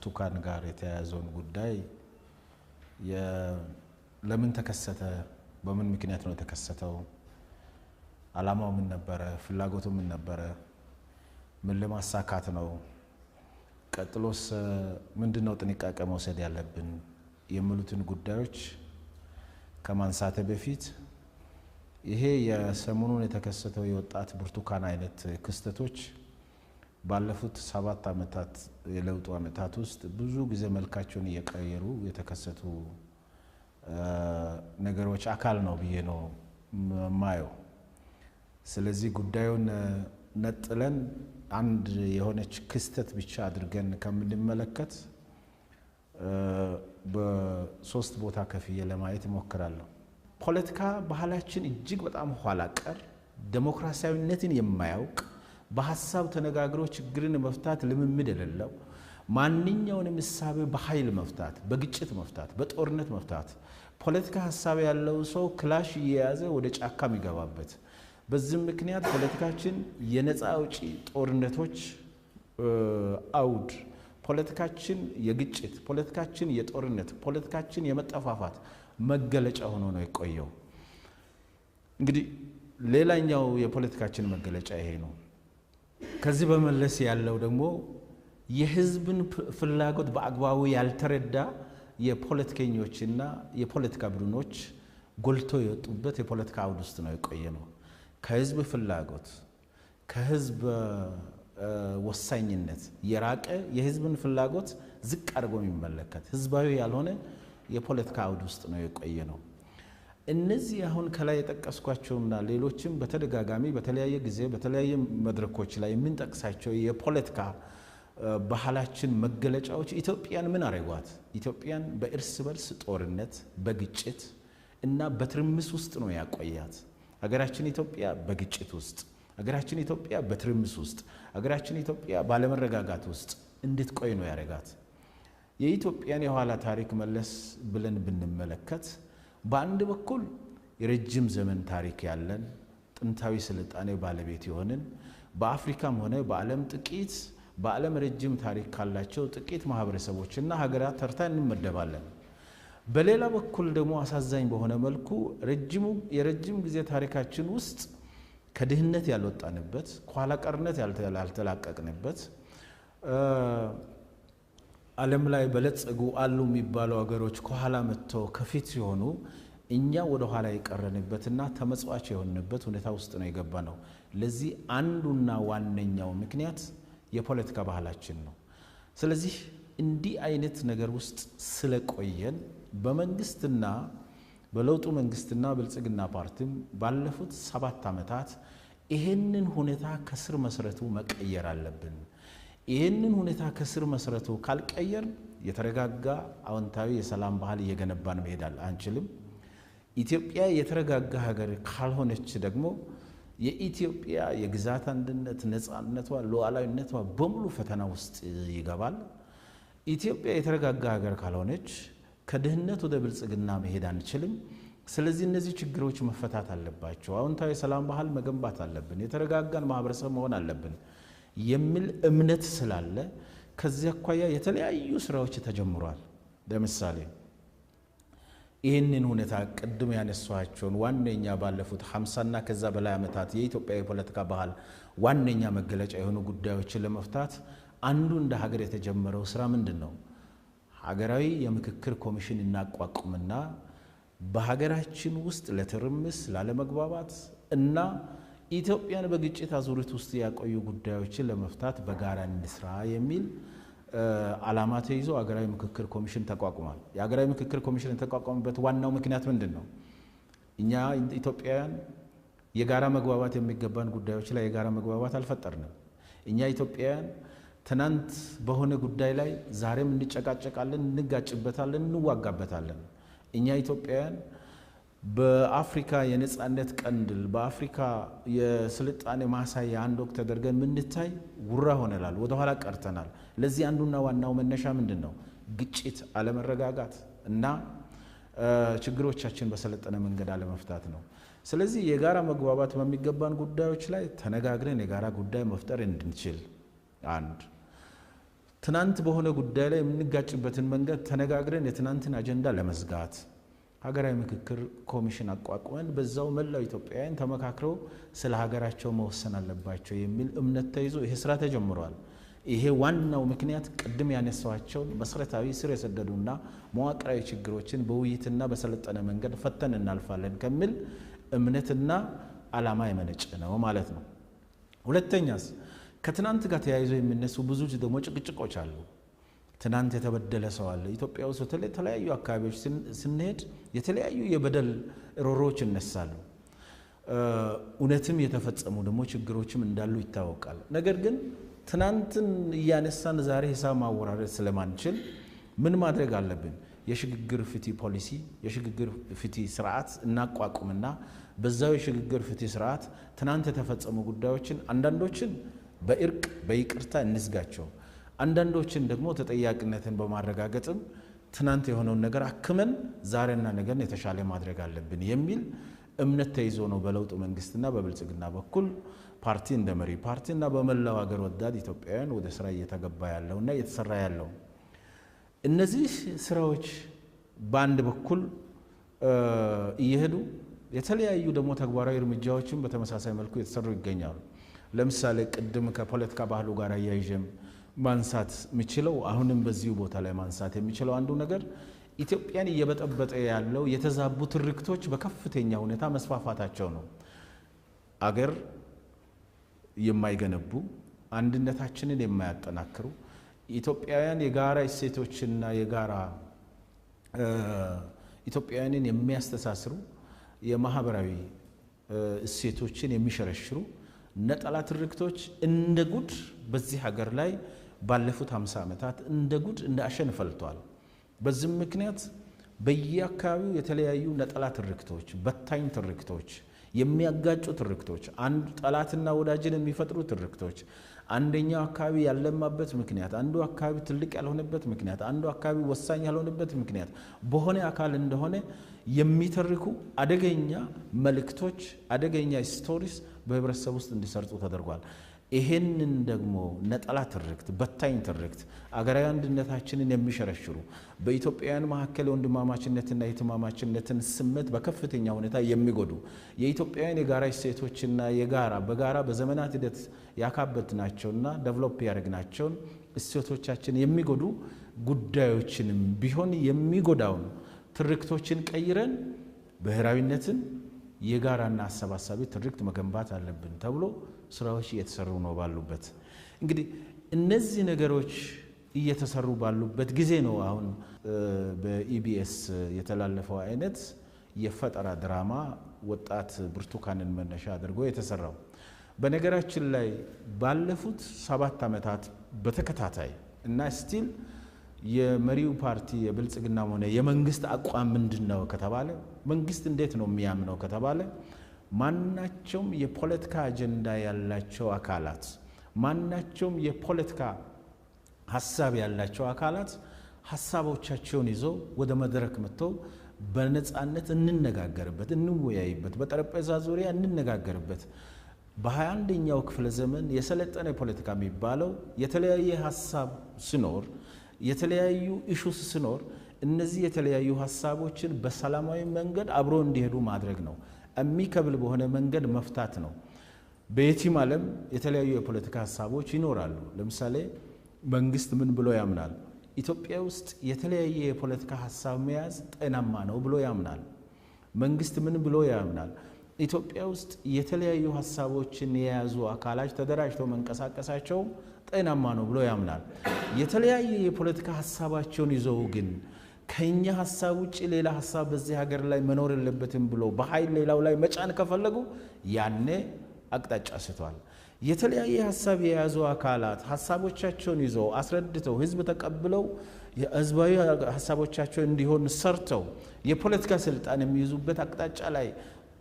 ብርቱካን ጋር የተያያዘውን ጉዳይ ለምን ተከሰተ፣ በምን ምክንያት ነው የተከሰተው፣ አላማው ምን ነበረ፣ ፍላጎቱ ምን ነበረ፣ ምን ለማሳካት ነው፣ ቀጥሎስ ምንድን ነው ጥንቃቄ መውሰድ ያለብን የሚሉትን ጉዳዮች ከማንሳተ በፊት ይሄ የሰሞኑን የተከሰተው የወጣት ብርቱካን አይነት ክስተቶች ባለፉት ሰባት ዓመታት የለውጡ ዓመታት ውስጥ ብዙ ጊዜ መልካቸውን እየቀየሩ የተከሰቱ ነገሮች አካል ነው ብዬ ነው ማየው። ስለዚህ ጉዳዩን ነጥለን አንድ የሆነች ክስተት ብቻ አድርገን ከምንመለከት በሶስት ቦታ ከፍዬ ለማየት እሞክራለሁ። ፖለቲካ ባህላችን እጅግ በጣም ኋላ ቀር፣ ዴሞክራሲያዊነትን የማያውቅ በሀሳብ ተነጋግሮ ችግርን መፍታት ልምምድ የሌለው ማንኛውንም እሳቤ በኃይል መፍታት፣ በግጭት መፍታት፣ በጦርነት መፍታት ፖለቲካ ሀሳብ ያለው ሰው ክላሽ እየያዘ ወደ ጫካ የሚገባበት። በዚህም ምክንያት ፖለቲካችን የነፃ አውጪ ጦርነቶች አውድ፣ ፖለቲካችን የግጭት፣ ፖለቲካችን የጦርነት፣ ፖለቲካችን የመጠፋፋት መገለጫ ሆኖ ነው የቆየው። እንግዲህ ሌላኛው የፖለቲካችን መገለጫ ይሄ ነው። ከዚህ በመለስ ያለው ደግሞ የህዝብን ፍላጎት በአግባቡ ያልተረዳ የፖለቲከኞችና የፖለቲካ ቡድኖች ጎልቶ የወጡበት የፖለቲካ አውድ ውስጥ ነው የቆየ ነው። ከህዝብ ፍላጎት ከህዝብ ወሳኝነት የራቀ የህዝብን ፍላጎት ዝቅ አድርጎ የሚመለከት ህዝባዊ ያልሆነ የፖለቲካ አውድ ውስጥ ነው የቆየ ነው። እነዚህ አሁን ከላይ የጠቀስኳቸውና ሌሎችም በተደጋጋሚ በተለያየ ጊዜ በተለያየ መድረኮች ላይ የምንጠቅሳቸው የፖለቲካ ባህላችን መገለጫዎች ኢትዮጵያን ምን አረጓት? ኢትዮጵያን በእርስ በርስ ጦርነት፣ በግጭት እና በትርምስ ውስጥ ነው ያቆያት። ሀገራችን ኢትዮጵያ በግጭት ውስጥ፣ ሀገራችን ኢትዮጵያ በትርምስ ውስጥ፣ ሀገራችን ኢትዮጵያ ባለመረጋጋት ውስጥ እንድትቆይ ነው ያረጋት። የኢትዮጵያን የኋላ ታሪክ መለስ ብለን ብንመለከት በአንድ በኩል የረጅም ዘመን ታሪክ ያለን ጥንታዊ ስልጣኔ ባለቤት የሆንን በአፍሪካም ሆነ በዓለም ጥቂት በዓለም ረጅም ታሪክ ካላቸው ጥቂት ማህበረሰቦችና ሀገራት ተርታ እንመደባለን። በሌላ በኩል ደግሞ አሳዛኝ በሆነ መልኩ የረጅም ጊዜ ታሪካችን ውስጥ ከድህነት ያልወጣንበት፣ ከኋላ ቀርነት ያልተላቀቅንበት ዓለም ላይ በለጸጉ አሉ የሚባሉ ሀገሮች ከኋላ መጥተው ከፊት ሲሆኑ እኛ ወደ ኋላ የቀረንበትና ተመጽዋች የሆንበት ሁኔታ ውስጥ ነው የገባ ነው። ለዚህ አንዱና ዋነኛው ምክንያት የፖለቲካ ባህላችን ነው። ስለዚህ እንዲህ አይነት ነገር ውስጥ ስለቆየን በመንግስትና በለውጡ መንግስትና ብልጽግና ፓርቲም ባለፉት ሰባት ዓመታት ይህንን ሁኔታ ከስር መሰረቱ መቀየር አለብን። ይህንን ሁኔታ ከስር መሰረቱ ካልቀየር የተረጋጋ አዎንታዊ የሰላም ባህል እየገነባን መሄዳል አንችልም። ኢትዮጵያ የተረጋጋ ሀገር ካልሆነች ደግሞ የኢትዮጵያ የግዛት አንድነት፣ ነፃነቷ፣ ሉዓላዊነቷ በሙሉ ፈተና ውስጥ ይገባል። ኢትዮጵያ የተረጋጋ ሀገር ካልሆነች ከድህነት ወደ ብልጽግና መሄድ አንችልም። ስለዚህ እነዚህ ችግሮች መፈታት አለባቸው። አዎንታዊ የሰላም ባህል መገንባት አለብን። የተረጋጋን ማህበረሰብ መሆን አለብን። የሚል እምነት ስላለ ከዚህ አኳያ የተለያዩ ስራዎች ተጀምሯል። ለምሳሌ ይህንን ሁኔታ ቅድም ያነሷቸውን ዋነኛ ባለፉት ሀምሳና ከዛ በላይ ዓመታት የኢትዮጵያ የፖለቲካ ባህል ዋነኛ መገለጫ የሆኑ ጉዳዮችን ለመፍታት አንዱ እንደ ሀገር የተጀመረው ስራ ምንድን ነው? ሀገራዊ የምክክር ኮሚሽን እናቋቁምና በሀገራችን ውስጥ ለትርምስ ላለመግባባት እና ኢትዮጵያን በግጭት አዙሪት ውስጥ ያቆዩ ጉዳዮችን ለመፍታት በጋራ እንስራ የሚል ዓላማ ተይዞ ሀገራዊ ምክክር ኮሚሽን ተቋቁሟል። የሀገራዊ ምክክር ኮሚሽን የተቋቋመበት ዋናው ምክንያት ምንድን ነው? እኛ ኢትዮጵያውያን የጋራ መግባባት የሚገባን ጉዳዮች ላይ የጋራ መግባባት አልፈጠርንም። እኛ ኢትዮጵያውያን ትናንት በሆነ ጉዳይ ላይ ዛሬም እንጨቃጨቃለን፣ እንጋጭበታለን፣ እንዋጋበታለን። እኛ ኢትዮጵያውያን በአፍሪካ የነፃነት ቀንድል በአፍሪካ የስልጣኔ ማሳያ አንድ ወቅት ተደርገን ምንታይ ውራ ሆነላል፣ ወደኋላ ቀርተናል። ለዚህ አንዱና ዋናው መነሻ ምንድን ነው? ግጭት፣ አለመረጋጋት እና ችግሮቻችን በሰለጠነ መንገድ አለመፍታት ነው። ስለዚህ የጋራ መግባባት በሚገባን ጉዳዮች ላይ ተነጋግረን የጋራ ጉዳይ መፍጠር እንድንችል አንድ ትናንት በሆነ ጉዳይ ላይ የምንጋጭበትን መንገድ ተነጋግረን የትናንትን አጀንዳ ለመዝጋት ሀገራዊ ምክክር ኮሚሽን አቋቁመን በዛው መላው ኢትዮጵያውያን ተመካክረው ስለ ሀገራቸው መወሰን አለባቸው የሚል እምነት ተይዞ ይሄ ስራ ተጀምሯል። ይሄ ዋናው ምክንያት ቅድም ያነሳቸውን መሰረታዊ ስር የሰደዱና መዋቅራዊ ችግሮችን በውይይትና በሰለጠነ መንገድ ፈተን እናልፋለን ከሚል እምነትና ዓላማ የመነጨ ነው ማለት ነው። ሁለተኛስ ከትናንት ጋር ተያይዞ የሚነሱ ብዙ ደግሞ ጭቅጭቆች አሉ። ትናንት የተበደለ ሰው አለ። ኢትዮጵያ ውስጥ የተለያዩ አካባቢዎች ስንሄድ የተለያዩ የበደል ሮሮዎች ይነሳሉ። እውነትም የተፈጸሙ ደግሞ ችግሮችም እንዳሉ ይታወቃል። ነገር ግን ትናንትን እያነሳን ዛሬ ሂሳብ ማወራረድ ስለማንችል ምን ማድረግ አለብን? የሽግግር ፍትህ ፖሊሲ፣ የሽግግር ፍትህ ስርዓት እናቋቁምና በዛው የሽግግር ፍትህ ስርዓት ትናንት የተፈጸሙ ጉዳዮችን አንዳንዶችን በእርቅ በይቅርታ እንዝጋቸው። አንዳንዶችን ደግሞ ተጠያቂነትን በማረጋገጥም ትናንት የሆነውን ነገር አክመን ዛሬና ነገን የተሻለ ማድረግ አለብን የሚል እምነት ተይዞ ነው በለውጥ መንግስትና በብልጽግና በኩል ፓርቲ እንደ መሪ ፓርቲና በመላው ሀገር ወዳድ ኢትዮጵያውያን ወደ ስራ እየተገባ ያለውና እየተሰራ ያለው። እነዚህ ስራዎች በአንድ በኩል እየሄዱ የተለያዩ ደግሞ ተግባራዊ እርምጃዎችን በተመሳሳይ መልኩ እየተሰሩ ይገኛሉ። ለምሳሌ ቅድም ከፖለቲካ ባህሉ ጋር አያይዥም ማንሳት የምችለው አሁንም በዚሁ ቦታ ላይ ማንሳት የሚችለው አንዱ ነገር ኢትዮጵያን እየበጠበጠ ያለው የተዛቡ ትርክቶች በከፍተኛ ሁኔታ መስፋፋታቸው ነው። አገር የማይገነቡ አንድነታችንን የማያጠናክሩ ኢትዮጵያውያን የጋራ እሴቶችና የጋራ ኢትዮጵያውያንን የሚያስተሳስሩ የማህበራዊ እሴቶችን የሚሸረሽሩ ነጠላ ትርክቶች እንደ ጉድ በዚህ ሀገር ላይ ባለፉት 50 ዓመታት እንደ ጉድ እንደ አሸን ፈልቷል። በዚህም ምክንያት በየአካባቢው የተለያዩ ነጠላ ትርክቶች፣ በታኝ ትርክቶች፣ የሚያጋጩ ትርክቶች፣ አንዱ ጠላትና ወዳጅን የሚፈጥሩ ትርክቶች፣ አንደኛው አካባቢ ያለማበት ምክንያት፣ አንዱ አካባቢ ትልቅ ያልሆነበት ምክንያት፣ አንዱ አካባቢ ወሳኝ ያልሆነበት ምክንያት በሆነ አካል እንደሆነ የሚተርኩ አደገኛ መልእክቶች፣ አደገኛ ስቶሪስ በህብረተሰብ ውስጥ እንዲሰርጡ ተደርጓል። ይሄንን ደግሞ ነጠላ ትርክት፣ በታኝ ትርክት አገራዊ አንድነታችንን የሚሸረሽሩ በኢትዮጵያውያን መካከል የወንድማማችነትና የትማማችነትን ስሜት በከፍተኛ ሁኔታ የሚጎዱ የኢትዮጵያውያን የጋራ እሴቶችና የጋራ በጋራ በዘመናት ሂደት ያካበትናቸውና ደቨሎፕ ናቸውን እሴቶቻችን የሚጎዱ ጉዳዮችንም ቢሆን የሚጎዳውን ትርክቶችን ቀይረን ብሔራዊነትን የጋራና አሰባሳቢ ትርክት መገንባት አለብን ተብሎ ስራዎች እየተሰሩ ነው ባሉበት። እንግዲህ እነዚህ ነገሮች እየተሰሩ ባሉበት ጊዜ ነው አሁን በኢቢኤስ የተላለፈው አይነት የፈጠራ ድራማ ወጣት ብርቱካንን መነሻ አድርጎ የተሰራው። በነገራችን ላይ ባለፉት ሰባት ዓመታት በተከታታይ እና ስቲል የመሪው ፓርቲ የብልጽግናም ሆነ የመንግስት አቋም ምንድን ነው ከተባለ መንግስት እንዴት ነው የሚያምነው ከተባለ ማናቸውም የፖለቲካ አጀንዳ ያላቸው አካላት ማናቸውም የፖለቲካ ሀሳብ ያላቸው አካላት ሀሳቦቻቸውን ይዘው ወደ መድረክ መጥተው በነፃነት እንነጋገርበት፣ እንወያይበት፣ በጠረጴዛ ዙሪያ እንነጋገርበት። በ21ኛው ክፍለ ዘመን የሰለጠነ ፖለቲካ የሚባለው የተለያየ ሀሳብ ሲኖር የተለያዩ ኢሹስ ሲኖር እነዚህ የተለያዩ ሀሳቦችን በሰላማዊ መንገድ አብሮ እንዲሄዱ ማድረግ ነው። የሚከብል በሆነ መንገድ መፍታት ነው። በየቲም ዓለም የተለያዩ የፖለቲካ ሀሳቦች ይኖራሉ። ለምሳሌ መንግስት ምን ብሎ ያምናል? ኢትዮጵያ ውስጥ የተለያየ የፖለቲካ ሀሳብ መያዝ ጤናማ ነው ብሎ ያምናል። መንግስት ምን ብሎ ያምናል? ኢትዮጵያ ውስጥ የተለያዩ ሀሳቦችን የያዙ አካላች ተደራጅተው መንቀሳቀሳቸው ጤናማ ነው ብሎ ያምናል። የተለያየ የፖለቲካ ሀሳባቸውን ይዘው ግን ከእኛ ሀሳብ ውጭ ሌላ ሀሳብ በዚህ ሀገር ላይ መኖር የለበትም ብሎ በኃይል ሌላው ላይ መጫን ከፈለጉ ያኔ አቅጣጫ ስቷል። የተለያየ ሀሳብ የያዙ አካላት ሀሳቦቻቸውን ይዘው አስረድተው ህዝብ ተቀብለው ህዝባዊ ሀሳቦቻቸው እንዲሆን ሰርተው የፖለቲካ ስልጣን የሚይዙበት አቅጣጫ ላይ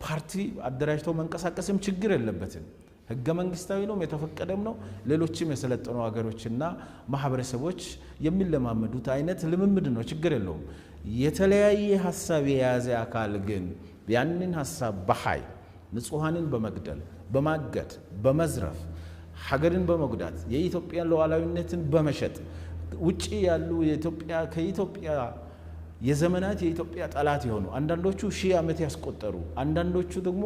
ፓርቲ አደራጅተው መንቀሳቀስም ችግር የለበትም። ህገ መንግስታዊ ነው፣ የተፈቀደም ነው። ሌሎችም የሰለጠኑ ሀገሮችና ማህበረሰቦች የሚለማመዱት አይነት ልምምድ ነው፣ ችግር የለውም። የተለያየ ሀሳብ የያዘ አካል ግን ያንን ሀሳብ በሀይ ንጹሐንን በመግደል በማገድ በመዝረፍ ሀገርን በመጉዳት የኢትዮጵያን ሉዓላዊነትን በመሸጥ ውጭ ያሉ ከኢትዮጵያ የዘመናት የኢትዮጵያ ጠላት የሆኑ አንዳንዶቹ ሺህ ዓመት ያስቆጠሩ አንዳንዶቹ ደግሞ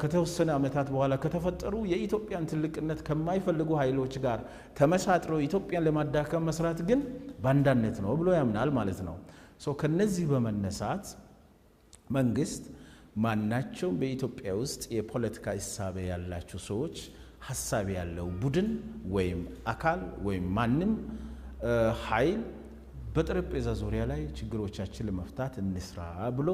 ከተወሰነ ዓመታት በኋላ ከተፈጠሩ የኢትዮጵያን ትልቅነት ከማይፈልጉ ኃይሎች ጋር ተመሳጥረው ኢትዮጵያን ለማዳከም መስራት ግን ባንዳነት ነው ብሎ ያምናል ማለት ነው። ከነዚህ በመነሳት መንግስት ማናቸውም በኢትዮጵያ ውስጥ የፖለቲካ እሳቤ ያላቸው ሰዎች ሀሳብ ያለው ቡድን ወይም አካል ወይም ማንም ኃይል በጠረጴዛ ዙሪያ ላይ ችግሮቻችን ለመፍታት እንስራ ብሎ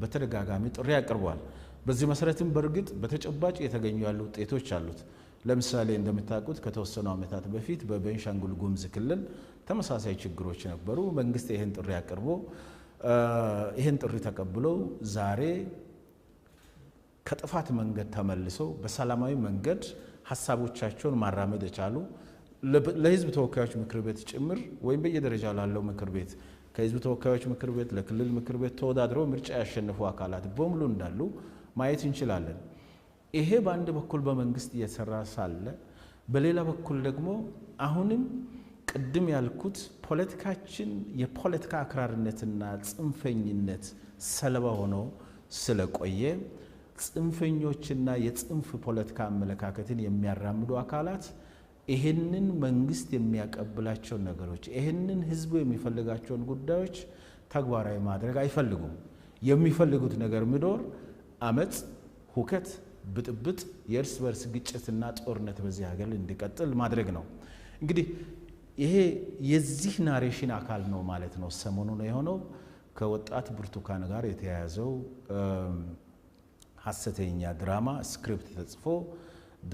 በተደጋጋሚ ጥሪ አቅርቧል። በዚህ መሰረትም በእርግጥ በተጨባጭ የተገኙ ያሉ ውጤቶች አሉት። ለምሳሌ እንደምታውቁት ከተወሰኑ ዓመታት በፊት በቤንሻንጉል ጉምዝ ክልል ተመሳሳይ ችግሮች ነበሩ። መንግስት ይህን ጥሪ አቅርቦ ይህን ጥሪ ተቀብለው ዛሬ ከጥፋት መንገድ ተመልሰው በሰላማዊ መንገድ ሀሳቦቻቸውን ማራመድ የቻሉ ለህዝብ ተወካዮች ምክር ቤት ጭምር ወይም በየደረጃ ላለው ምክር ቤት ከህዝብ ተወካዮች ምክር ቤት ለክልል ምክር ቤት ተወዳድረው ምርጫ ያሸነፉ አካላት በሙሉ እንዳሉ ማየት እንችላለን። ይሄ በአንድ በኩል በመንግስት እየሰራ ሳለ፣ በሌላ በኩል ደግሞ አሁንም ቅድም ያልኩት ፖለቲካችን የፖለቲካ አክራርነትና ጽንፈኝነት ሰለባ ሆኖ ስለቆየ ጽንፈኞችና የጽንፍ ፖለቲካ አመለካከትን የሚያራምዱ አካላት ይህንን መንግስት የሚያቀብላቸውን ነገሮች ይህንን ህዝቡ የሚፈልጋቸውን ጉዳዮች ተግባራዊ ማድረግ አይፈልጉም። የሚፈልጉት ነገር ምዶር አመፅ፣ ሁከት፣ ብጥብጥ፣ የእርስ በርስ ግጭትና ጦርነት በዚህ ሀገር እንዲቀጥል ማድረግ ነው። እንግዲህ ይሄ የዚህ ናሬሽን አካል ነው ማለት ነው። ሰሞኑ ነው የሆነው ከወጣት ብርቱካን ጋር የተያያዘው ሀሰተኛ ድራማ ስክሪፕት ተጽፎ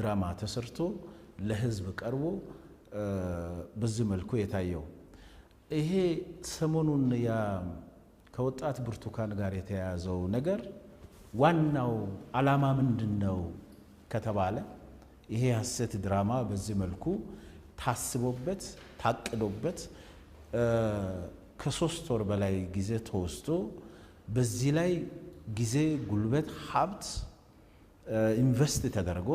ድራማ ተሰርቶ ለህዝብ ቀርቦ በዚህ መልኩ የታየው ይሄ ሰሞኑን ከወጣት ብርቱካን ጋር የተያያዘው ነገር ዋናው ዓላማ ምንድን ነው ከተባለ ይሄ ሀሰት ድራማ በዚህ መልኩ ታስቦበት ታቅዶበት ከሶስት ወር በላይ ጊዜ ተወስዶ በዚህ ላይ ጊዜ፣ ጉልበት፣ ሀብት ኢንቨስት ተደርጎ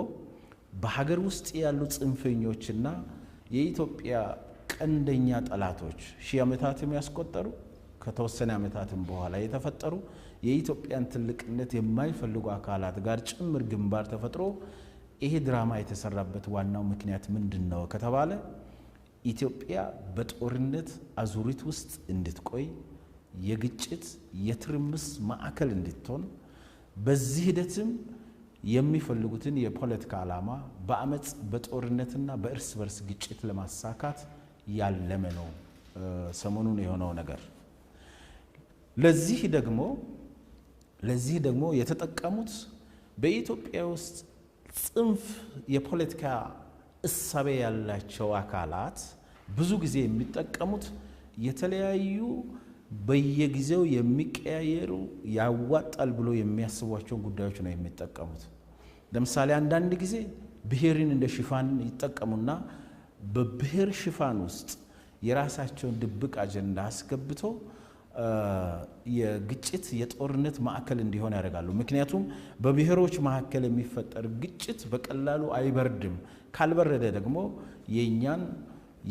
በሀገር ውስጥ ያሉ ጽንፈኞችና የኢትዮጵያ ቀንደኛ ጠላቶች ሺህ ዓመታትም ያስቆጠሩ ከተወሰነ ዓመታትም በኋላ የተፈጠሩ የኢትዮጵያን ትልቅነት የማይፈልጉ አካላት ጋር ጭምር ግንባር ተፈጥሮ ይሄ ድራማ የተሰራበት ዋናው ምክንያት ምንድን ነው ከተባለ ኢትዮጵያ በጦርነት አዙሪት ውስጥ እንድትቆይ የግጭት የትርምስ ማዕከል እንድትሆን በዚህ ሂደትም የሚፈልጉትን የፖለቲካ ዓላማ በአመፅ በጦርነትና በእርስ በርስ ግጭት ለማሳካት ያለመ ነው ሰሞኑን የሆነው ነገር። ለዚህ ደግሞ ለዚህ ደግሞ የተጠቀሙት በኢትዮጵያ ውስጥ ጽንፍ የፖለቲካ እሳቤ ያላቸው አካላት ብዙ ጊዜ የሚጠቀሙት የተለያዩ በየጊዜው የሚቀያየሩ ያዋጣል ብሎ የሚያስቧቸውን ጉዳዮች ነው የሚጠቀሙት። ለምሳሌ አንዳንድ ጊዜ ብሔርን እንደ ሽፋን ይጠቀሙና በብሔር ሽፋን ውስጥ የራሳቸውን ድብቅ አጀንዳ አስገብተው የግጭት የጦርነት ማዕከል እንዲሆን ያደርጋሉ። ምክንያቱም በብሔሮች መካከል የሚፈጠር ግጭት በቀላሉ አይበርድም። ካልበረደ ደግሞ የእኛን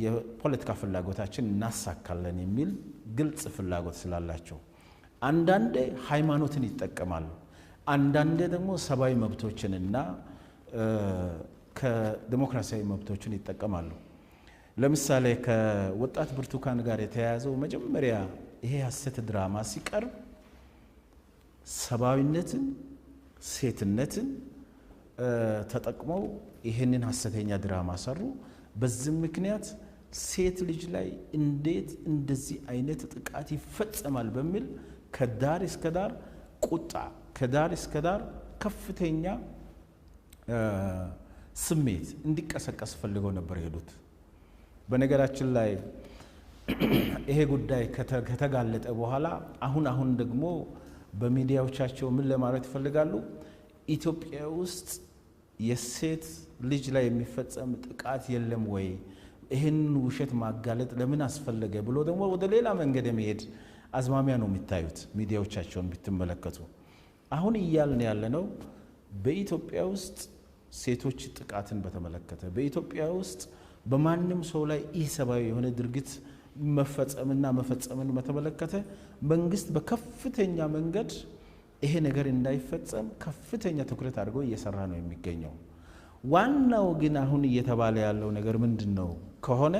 የፖለቲካ ፍላጎታችን እናሳካለን የሚል ግልጽ ፍላጎት ስላላቸው አንዳንዴ ሃይማኖትን ይጠቀማሉ። አንዳንዴ ደግሞ ሰብአዊ መብቶችንና ከዲሞክራሲያዊ መብቶችን ይጠቀማሉ። ለምሳሌ ከወጣት ብርቱካን ጋር የተያያዘው መጀመሪያ ይሄ ሀሰት ድራማ ሲቀርብ ሰብአዊነትን፣ ሴትነትን ተጠቅመው ይህንን ሀሰተኛ ድራማ ሰሩ። በዚህም ምክንያት ሴት ልጅ ላይ እንዴት እንደዚህ አይነት ጥቃት ይፈጸማል በሚል ከዳር እስከ ዳር ቁጣ፣ ከዳር እስከ ዳር ከፍተኛ ስሜት እንዲቀሰቀስ ፈልገው ነበር የሄዱት። በነገራችን ላይ ይሄ ጉዳይ ከተጋለጠ በኋላ አሁን አሁን ደግሞ በሚዲያዎቻቸው ምን ለማለት ይፈልጋሉ? ኢትዮጵያ ውስጥ የሴት ልጅ ላይ የሚፈጸም ጥቃት የለም ወይ? ይህን ውሸት ማጋለጥ ለምን አስፈለገ ብሎ ደግሞ ወደ ሌላ መንገድ የመሄድ አዝማሚያ ነው የሚታዩት ሚዲያዎቻቸውን ብትመለከቱ። አሁን እያልን ያለ ነው በኢትዮጵያ ውስጥ ሴቶች ጥቃትን በተመለከተ በኢትዮጵያ ውስጥ በማንም ሰው ላይ ኢሰብአዊ የሆነ ድርጊት መፈጸምና መፈጸምን በተመለከተ መንግስት በከፍተኛ መንገድ ይሄ ነገር እንዳይፈጸም ከፍተኛ ትኩረት አድርጎ እየሰራ ነው የሚገኘው። ዋናው ግን አሁን እየተባለ ያለው ነገር ምንድን ነው ከሆነ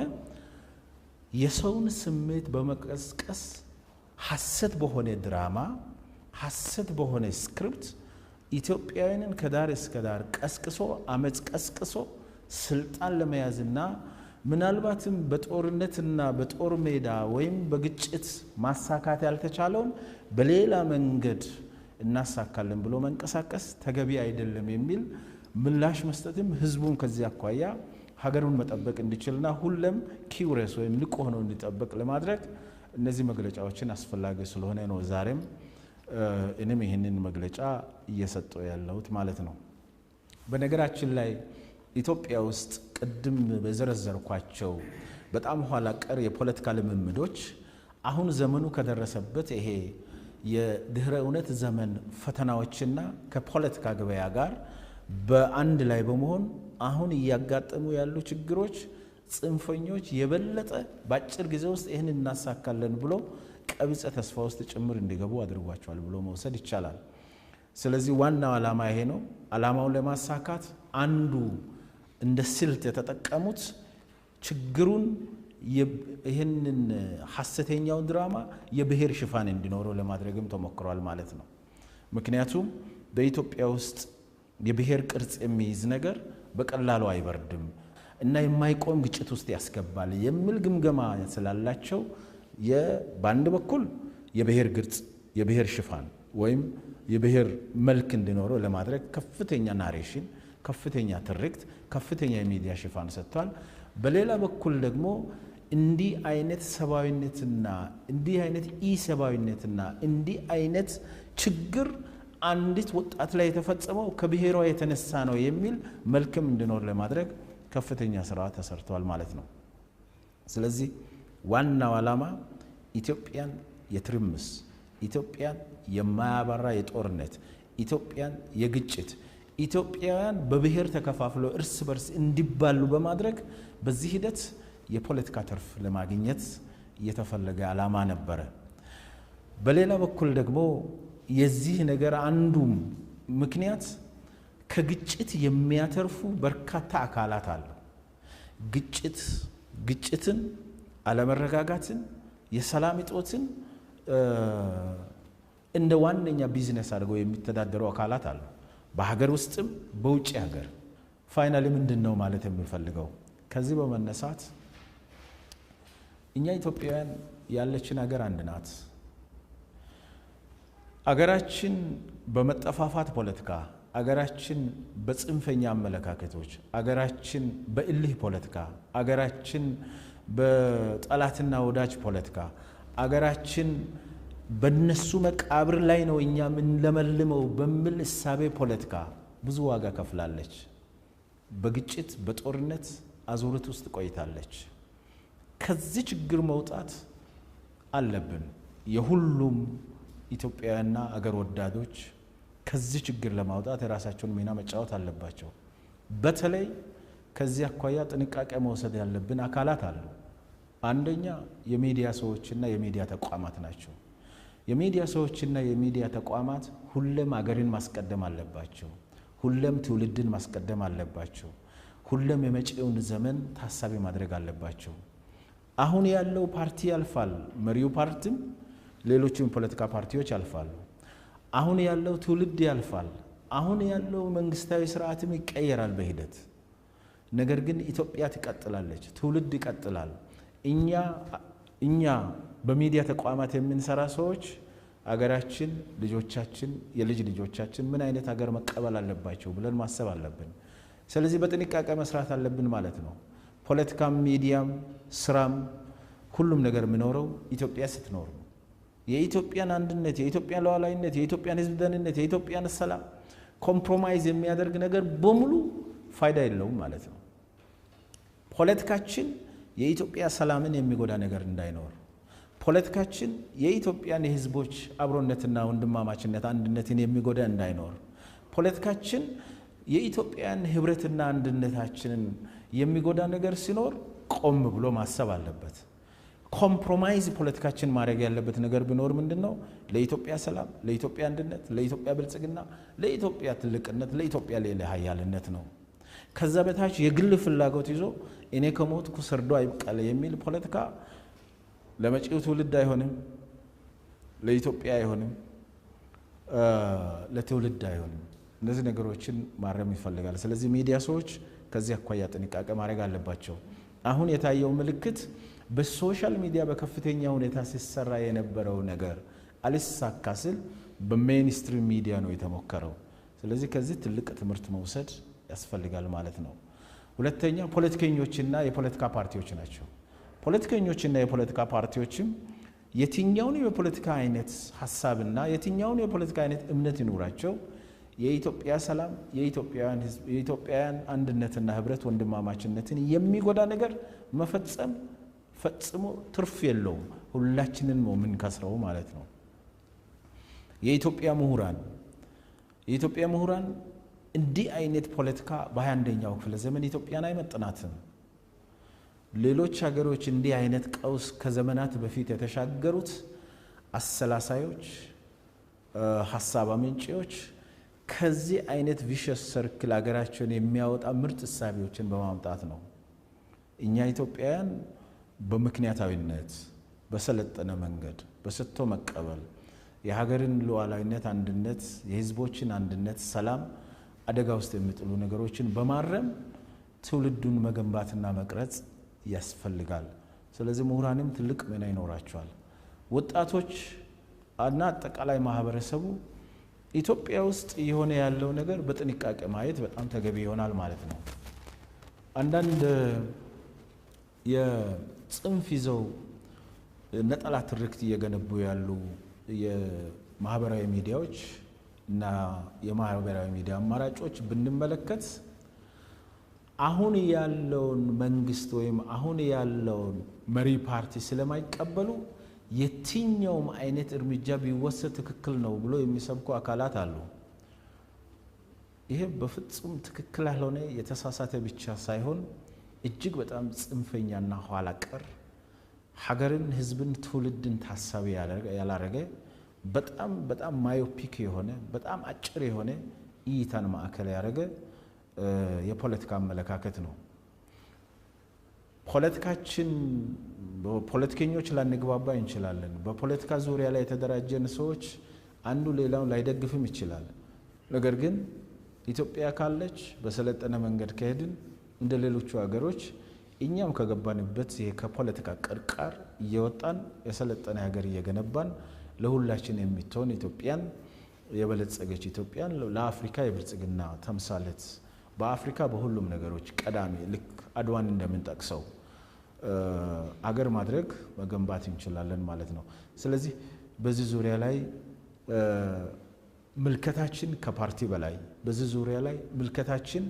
የሰውን ስሜት በመቀስቀስ ሐሰት በሆነ ድራማ፣ ሐሰት በሆነ ስክሪፕት ኢትዮጵያውያንን ከዳር እስከ ዳር ቀስቅሶ አመፅ ቀስቅሶ ስልጣን ለመያዝና ምናልባትም በጦርነትና በጦር ሜዳ ወይም በግጭት ማሳካት ያልተቻለውን በሌላ መንገድ እናሳካለን ብሎ መንቀሳቀስ ተገቢ አይደለም የሚል ምላሽ መስጠትም ህዝቡን ከዚህ አኳያ ሀገሩን መጠበቅ እንዲችልና ሁለም ኪውረስ ወይም ንቁ ሆኖ እንዲጠበቅ ለማድረግ እነዚህ መግለጫዎችን አስፈላጊ ስለሆነ ነው ዛሬም እኔም ይህንን መግለጫ እየሰጠው ያለሁት ማለት ነው። በነገራችን ላይ ኢትዮጵያ ውስጥ ቅድም በዘረዘርኳቸው በጣም ኋላ ቀር የፖለቲካ ልምምዶች አሁን ዘመኑ ከደረሰበት ይሄ የድህረ እውነት ዘመን ፈተናዎችና ከፖለቲካ ገበያ ጋር በአንድ ላይ በመሆን አሁን እያጋጠሙ ያሉ ችግሮች ጽንፈኞች የበለጠ በአጭር ጊዜ ውስጥ ይህን እናሳካለን ብሎ ቀብጸ ተስፋ ውስጥ ጭምር እንዲገቡ አድርጓቸዋል ብሎ መውሰድ ይቻላል። ስለዚህ ዋናው ዓላማ ይሄ ነው። ዓላማውን ለማሳካት አንዱ እንደ ስልት የተጠቀሙት ችግሩን ይህንን ሀሰተኛውን ድራማ የብሔር ሽፋን እንዲኖረው ለማድረግም ተሞክሯል ማለት ነው። ምክንያቱም በኢትዮጵያ ውስጥ የብሔር ቅርጽ የሚይዝ ነገር በቀላሉ አይበርድም እና የማይቆም ግጭት ውስጥ ያስገባል የሚል ግምገማ ስላላቸው በአንድ በኩል የብሔር ቅርጽ፣ የብሔር ሽፋን ወይም የብሔር መልክ እንዲኖረው ለማድረግ ከፍተኛ ናሬሽን ከፍተኛ ትርክት፣ ከፍተኛ የሚዲያ ሽፋን ሰጥቷል። በሌላ በኩል ደግሞ እንዲህ አይነት ሰብአዊነትና እንዲህ አይነት ኢሰብአዊነትና እንዲህ አይነት ችግር አንዲት ወጣት ላይ የተፈጸመው ከብሔሯ የተነሳ ነው የሚል መልክም እንዲኖር ለማድረግ ከፍተኛ ስራ ተሰርቷል ማለት ነው። ስለዚህ ዋናው ዓላማ ኢትዮጵያን የትርምስ ኢትዮጵያን የማያባራ የጦርነት ኢትዮጵያን የግጭት ኢትዮጵያውያን በብሔር ተከፋፍለው እርስ በርስ እንዲባሉ በማድረግ በዚህ ሂደት የፖለቲካ ትርፍ ለማግኘት የተፈለገ ዓላማ ነበረ። በሌላ በኩል ደግሞ የዚህ ነገር አንዱ ምክንያት ከግጭት የሚያተርፉ በርካታ አካላት አሉ። ግጭት ግጭትን፣ አለመረጋጋትን፣ የሰላም እጦትን እንደ ዋነኛ ቢዝነስ አድርገው የሚተዳደሩ አካላት አሉ። በሀገር ውስጥም በውጭ ሀገር። ፋይናሊ ምንድን ነው ማለት የምፈልገው ከዚህ በመነሳት እኛ ኢትዮጵያውያን ያለችን ሀገር አንድ ናት። አገራችን በመጠፋፋት ፖለቲካ፣ አገራችን በጽንፈኛ አመለካከቶች፣ አገራችን በእልህ ፖለቲካ፣ አገራችን በጠላትና ወዳጅ ፖለቲካ፣ አገራችን በነሱ መቃብር ላይ ነው እኛ የምንለመልመው በሚል እሳቤ ፖለቲካ ብዙ ዋጋ ከፍላለች። በግጭት በጦርነት አዙሪት ውስጥ ቆይታለች። ከዚህ ችግር መውጣት አለብን። የሁሉም ኢትዮጵያውያንና አገር ወዳዶች ከዚህ ችግር ለማውጣት የራሳቸውን ሚና መጫወት አለባቸው። በተለይ ከዚህ አኳያ ጥንቃቄ መውሰድ ያለብን አካላት አሉ። አንደኛ የሚዲያ ሰዎችና የሚዲያ ተቋማት ናቸው። የሚዲያ ሰዎችና የሚዲያ ተቋማት ሁለም አገርን ማስቀደም አለባቸው። ሁለም ትውልድን ማስቀደም አለባቸው። ሁለም የመጪውን ዘመን ታሳቢ ማድረግ አለባቸው። አሁን ያለው ፓርቲ ያልፋል። መሪው ፓርቲም ሌሎችም የፖለቲካ ፓርቲዎች ያልፋሉ። አሁን ያለው ትውልድ ያልፋል። አሁን ያለው መንግስታዊ ስርዓትም ይቀየራል በሂደት ነገር ግን ኢትዮጵያ ትቀጥላለች። ትውልድ ይቀጥላል። እኛ እኛ በሚዲያ ተቋማት የምንሰራ ሰዎች አገራችን፣ ልጆቻችን፣ የልጅ ልጆቻችን ምን አይነት ሀገር መቀበል አለባቸው ብለን ማሰብ አለብን። ስለዚህ በጥንቃቄ መስራት አለብን ማለት ነው። ፖለቲካም፣ ሚዲያም፣ ስራም ሁሉም ነገር የምኖረው ኢትዮጵያ ስትኖር ነው። የኢትዮጵያን አንድነት፣ የኢትዮጵያን ሉዓላዊነት፣ የኢትዮጵያን ሕዝብ ደህንነት፣ የኢትዮጵያን ሰላም ኮምፕሮማይዝ የሚያደርግ ነገር በሙሉ ፋይዳ የለውም ማለት ነው። ፖለቲካችን የኢትዮጵያ ሰላምን የሚጎዳ ነገር እንዳይኖር ፖለቲካችን የኢትዮጵያን የህዝቦች አብሮነትና ወንድማማችነት አንድነትን የሚጎዳ እንዳይኖር፣ ፖለቲካችን የኢትዮጵያን ህብረትና አንድነታችንን የሚጎዳ ነገር ሲኖር ቆም ብሎ ማሰብ አለበት። ኮምፕሮማይዝ ፖለቲካችን ማድረግ ያለበት ነገር ቢኖር ምንድን ነው? ለኢትዮጵያ ሰላም፣ ለኢትዮጵያ አንድነት፣ ለኢትዮጵያ ብልጽግና፣ ለኢትዮጵያ ትልቅነት፣ ለኢትዮጵያ ሌላ ሀያልነት ነው። ከዛ በታች የግል ፍላጎት ይዞ እኔ ከሞትኩ ሰርዶ አይብቀል የሚል ፖለቲካ ለመጪው ትውልድ አይሆንም፣ ለኢትዮጵያ አይሆንም፣ ለትውልድ አይሆንም። እነዚህ ነገሮችን ማረም ይፈልጋል። ስለዚህ ሚዲያ ሰዎች ከዚህ አኳያ ጥንቃቄ ማድረግ አለባቸው። አሁን የታየው ምልክት በሶሻል ሚዲያ በከፍተኛ ሁኔታ ሲሰራ የነበረው ነገር አልሳካ ሲል በሜንስትሪም ሚዲያ ነው የተሞከረው። ስለዚህ ከዚህ ትልቅ ትምህርት መውሰድ ያስፈልጋል ማለት ነው። ሁለተኛ ፖለቲከኞችና የፖለቲካ ፓርቲዎች ናቸው። ፖለቲከኞችና የፖለቲካ ፓርቲዎችም የትኛውን የፖለቲካ አይነት ሀሳብና የትኛውን የፖለቲካ አይነት እምነት ይኑራቸው የኢትዮጵያ ሰላም የኢትዮጵያውያን አንድነትና ህብረት ወንድማማችነትን የሚጎዳ ነገር መፈጸም ፈጽሞ ትርፍ የለውም። ሁላችንን ነው የምንከስረው ማለት ነው። የኢትዮጵያ ምሁራን የኢትዮጵያ ምሁራን እንዲህ አይነት ፖለቲካ በሃያ አንደኛው ክፍለ ዘመን ኢትዮጵያን አይመጥናትም። ሌሎች ሀገሮች እንዲህ አይነት ቀውስ ከዘመናት በፊት የተሻገሩት አሰላሳዮች፣ ሀሳብ አመንጪዎች ከዚህ አይነት ቪሸስ ሰርክል ሀገራቸውን የሚያወጣ ምርጥ እሳቢዎችን በማምጣት ነው። እኛ ኢትዮጵያውያን በምክንያታዊነት በሰለጠነ መንገድ በሰጥቶ መቀበል የሀገርን ሉዓላዊነት፣ አንድነት፣ የህዝቦችን አንድነት፣ ሰላም አደጋ ውስጥ የሚጥሉ ነገሮችን በማረም ትውልዱን መገንባትና መቅረጽ ያስፈልጋል። ስለዚህ ምሁራንም ትልቅ ሚና ይኖራቸዋል። ወጣቶች እና አጠቃላይ ማህበረሰቡ ኢትዮጵያ ውስጥ የሆነ ያለው ነገር በጥንቃቄ ማየት በጣም ተገቢ ይሆናል ማለት ነው። አንዳንድ የጽንፍ ይዘው ነጠላ ትርክት እየገነቡ ያሉ የማህበራዊ ሚዲያዎች እና የማህበራዊ ሚዲያ አማራጮች ብንመለከት አሁን ያለውን መንግስት ወይም አሁን ያለውን መሪ ፓርቲ ስለማይቀበሉ የትኛውም አይነት እርምጃ ቢወሰድ ትክክል ነው ብሎ የሚሰብኩ አካላት አሉ። ይሄ በፍጹም ትክክል ያልሆነ የተሳሳተ ብቻ ሳይሆን እጅግ በጣም ጽንፈኛና ኋላ ቀር ሀገርን፣ ህዝብን፣ ትውልድን ታሳቢ ያላረገ በጣም በጣም ማዮፒክ የሆነ በጣም አጭር የሆነ እይታን ማዕከል ያደረገ የፖለቲካ አመለካከት ነው። ፖለቲካችን ፖለቲከኞች ላንግባባ እንችላለን። በፖለቲካ ዙሪያ ላይ የተደራጀን ሰዎች አንዱ ሌላውን ላይደግፍም ይችላል። ነገር ግን ኢትዮጵያ ካለች በሰለጠነ መንገድ ከሄድን እንደ ሌሎቹ ሀገሮች እኛም ከገባንበት ይሄ ከፖለቲካ ቅርቃር እየወጣን የሰለጠነ ሀገር እየገነባን ለሁላችን የሚትሆን ኢትዮጵያን የበለጸገች ኢትዮጵያን ለአፍሪካ የብልጽግና ተምሳሌት በአፍሪካ በሁሉም ነገሮች ቀዳሚ ልክ አድዋን እንደምንጠቅሰው አገር ማድረግ መገንባት እንችላለን ማለት ነው። ስለዚህ በዚህ ዙሪያ ላይ ምልከታችን ከፓርቲ በላይ፣ በዚህ ዙሪያ ላይ ምልከታችን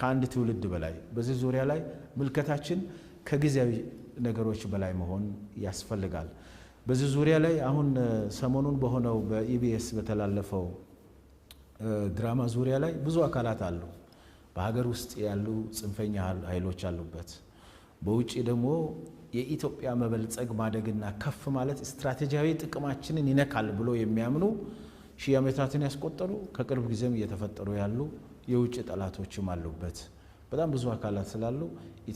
ከአንድ ትውልድ በላይ፣ በዚህ ዙሪያ ላይ ምልከታችን ከጊዜያዊ ነገሮች በላይ መሆን ያስፈልጋል። በዚህ ዙሪያ ላይ አሁን ሰሞኑን በሆነው በኢቢኤስ በተላለፈው ድራማ ዙሪያ ላይ ብዙ አካላት አሉ። በሀገር ውስጥ ያሉ ጽንፈኛ ኃይሎች አሉበት። በውጭ ደግሞ የኢትዮጵያ መበልጸግ ማደግና ከፍ ማለት ስትራቴጂያዊ ጥቅማችንን ይነካል ብሎ የሚያምኑ ሺህ ዓመታትን ያስቆጠሩ ከቅርብ ጊዜም እየተፈጠሩ ያሉ የውጭ ጠላቶችም አሉበት። በጣም ብዙ አካላት ስላሉ